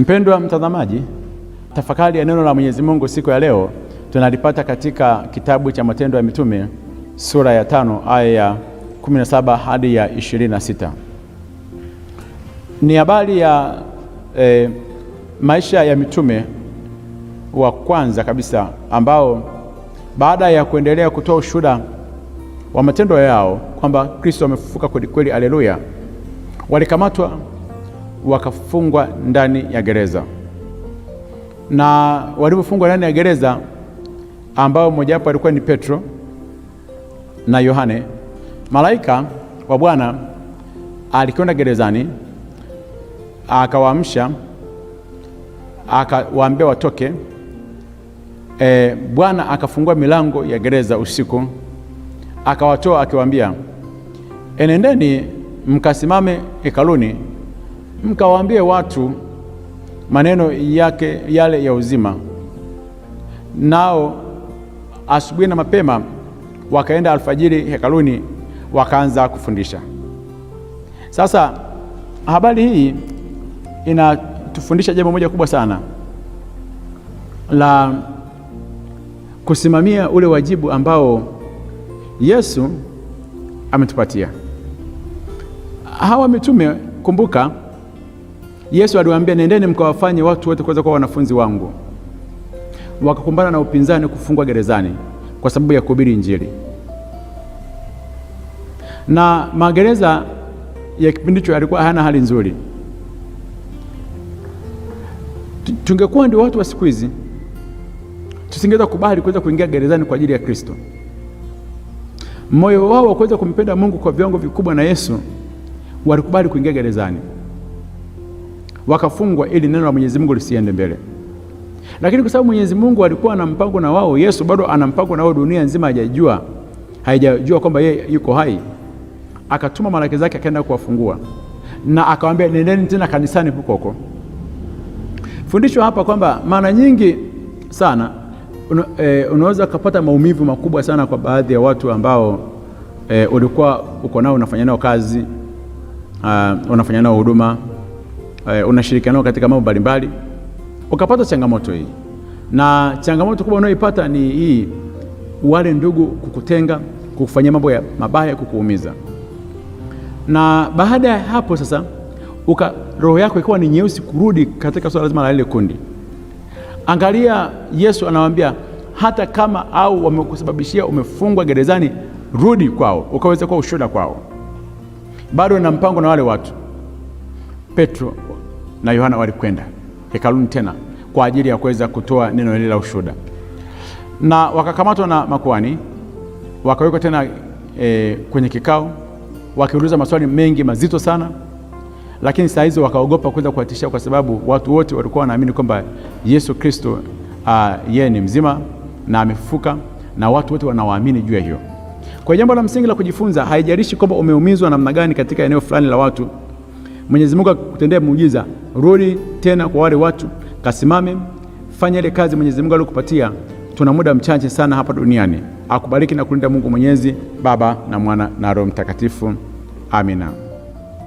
Mpendwa mtazamaji, tafakari ya neno la Mwenyezi Mungu siku ya leo tunalipata katika kitabu cha Matendo ya Mitume sura ya tano aya ya 17 hadi ya 26. Ni habari ya e, maisha ya mitume wa kwanza kabisa ambao baada ya kuendelea kutoa ushuhuda wa matendo yao kwamba Kristo amefufuka kweli kweli, aleluya, walikamatwa wakafungwa ndani ya gereza, na walipofungwa ndani ya gereza, ambao mmojawapo alikuwa ni Petro na Yohane, malaika wa Bwana alikwenda gerezani, akawaamsha, akawaambia watoke. E, Bwana akafungua milango ya gereza usiku, akawatoa akiwaambia, enendeni mkasimame hekaluni mkawaambie watu maneno yake yale ya uzima. Nao asubuhi na mapema wakaenda alfajiri hekaluni, wakaanza kufundisha. Sasa habari hii inatufundisha jambo moja kubwa sana la kusimamia ule wajibu ambao Yesu ametupatia hawa mitume. Kumbuka Yesu aliwaambia, nendeni mkawafanye watu wote kuweza kuwa wanafunzi wangu. Wakakumbana na upinzani, kufungwa gerezani kwa sababu ya kuhubiri Injili. Na magereza ya kipindi hicho yalikuwa hayana hali nzuri. Tungekuwa ndio watu wa siku hizi, tusingeweza kubali kuweza kuingia gerezani kwa ajili ya Kristo. Moyo wao wa kuweza kumpenda Mungu kwa viwango vikubwa na Yesu walikubali kuingia gerezani wakafungwa ili neno la Mwenyezi Mungu lisiende mbele. Lakini kwa sababu Mwenyezi Mungu alikuwa na mpango na wao, Yesu bado ana mpango na wao. Dunia nzima haijajua haijajua kwamba yeye yuko hai, akatuma malaika zake akaenda kuwafungua na akawaambia, nendeni tena kanisani huko huko. Fundisho hapa kwamba mara nyingi sana una, e, unaweza ukapata maumivu makubwa sana kwa baadhi ya watu ambao e, ulikuwa uko nao unafanya nao kazi, uh, unafanya nao huduma eh, unashirikiana katika mambo mbalimbali ukapata changamoto hii, na changamoto kubwa unayoipata ni hii, wale ndugu kukutenga, kukufanyia mambo ya mabaya, kukuumiza. Na baada ya hapo sasa, uka roho yako ikiwa ni nyeusi kurudi katika swala zima la ile kundi. Angalia, Yesu anawaambia hata kama au wamekusababishia umefungwa gerezani, rudi kwao ukaweza kuwa ushuhuda kwao. Bado na mpango na wale watu. Petro na Yohana walikwenda hekaluni tena kwa ajili ya kuweza kutoa neno hili la ushuhuda, na wakakamatwa na makuani wakawekwa tena e, kwenye kikao, wakiuliza maswali mengi mazito sana, lakini saa hizo wakaogopa kuweza kuwatishia, kwa sababu watu wote walikuwa wanaamini kwamba Yesu Kristo yeye ni mzima na amefufuka, na watu wote wanawaamini juu ya hiyo. Kwa jambo la msingi la kujifunza, haijalishi kwamba umeumizwa namna gani katika eneo fulani la watu Mwenyezi Mungu akikutendea muujiza, rudi tena kwa wale watu, kasimame, fanya ile kazi Mwenyezi Mungu alikupatia. Tuna muda mchache sana hapa duniani. Akubariki na kulinda Mungu Mwenyezi, Baba na Mwana na Roho Mtakatifu. Amina.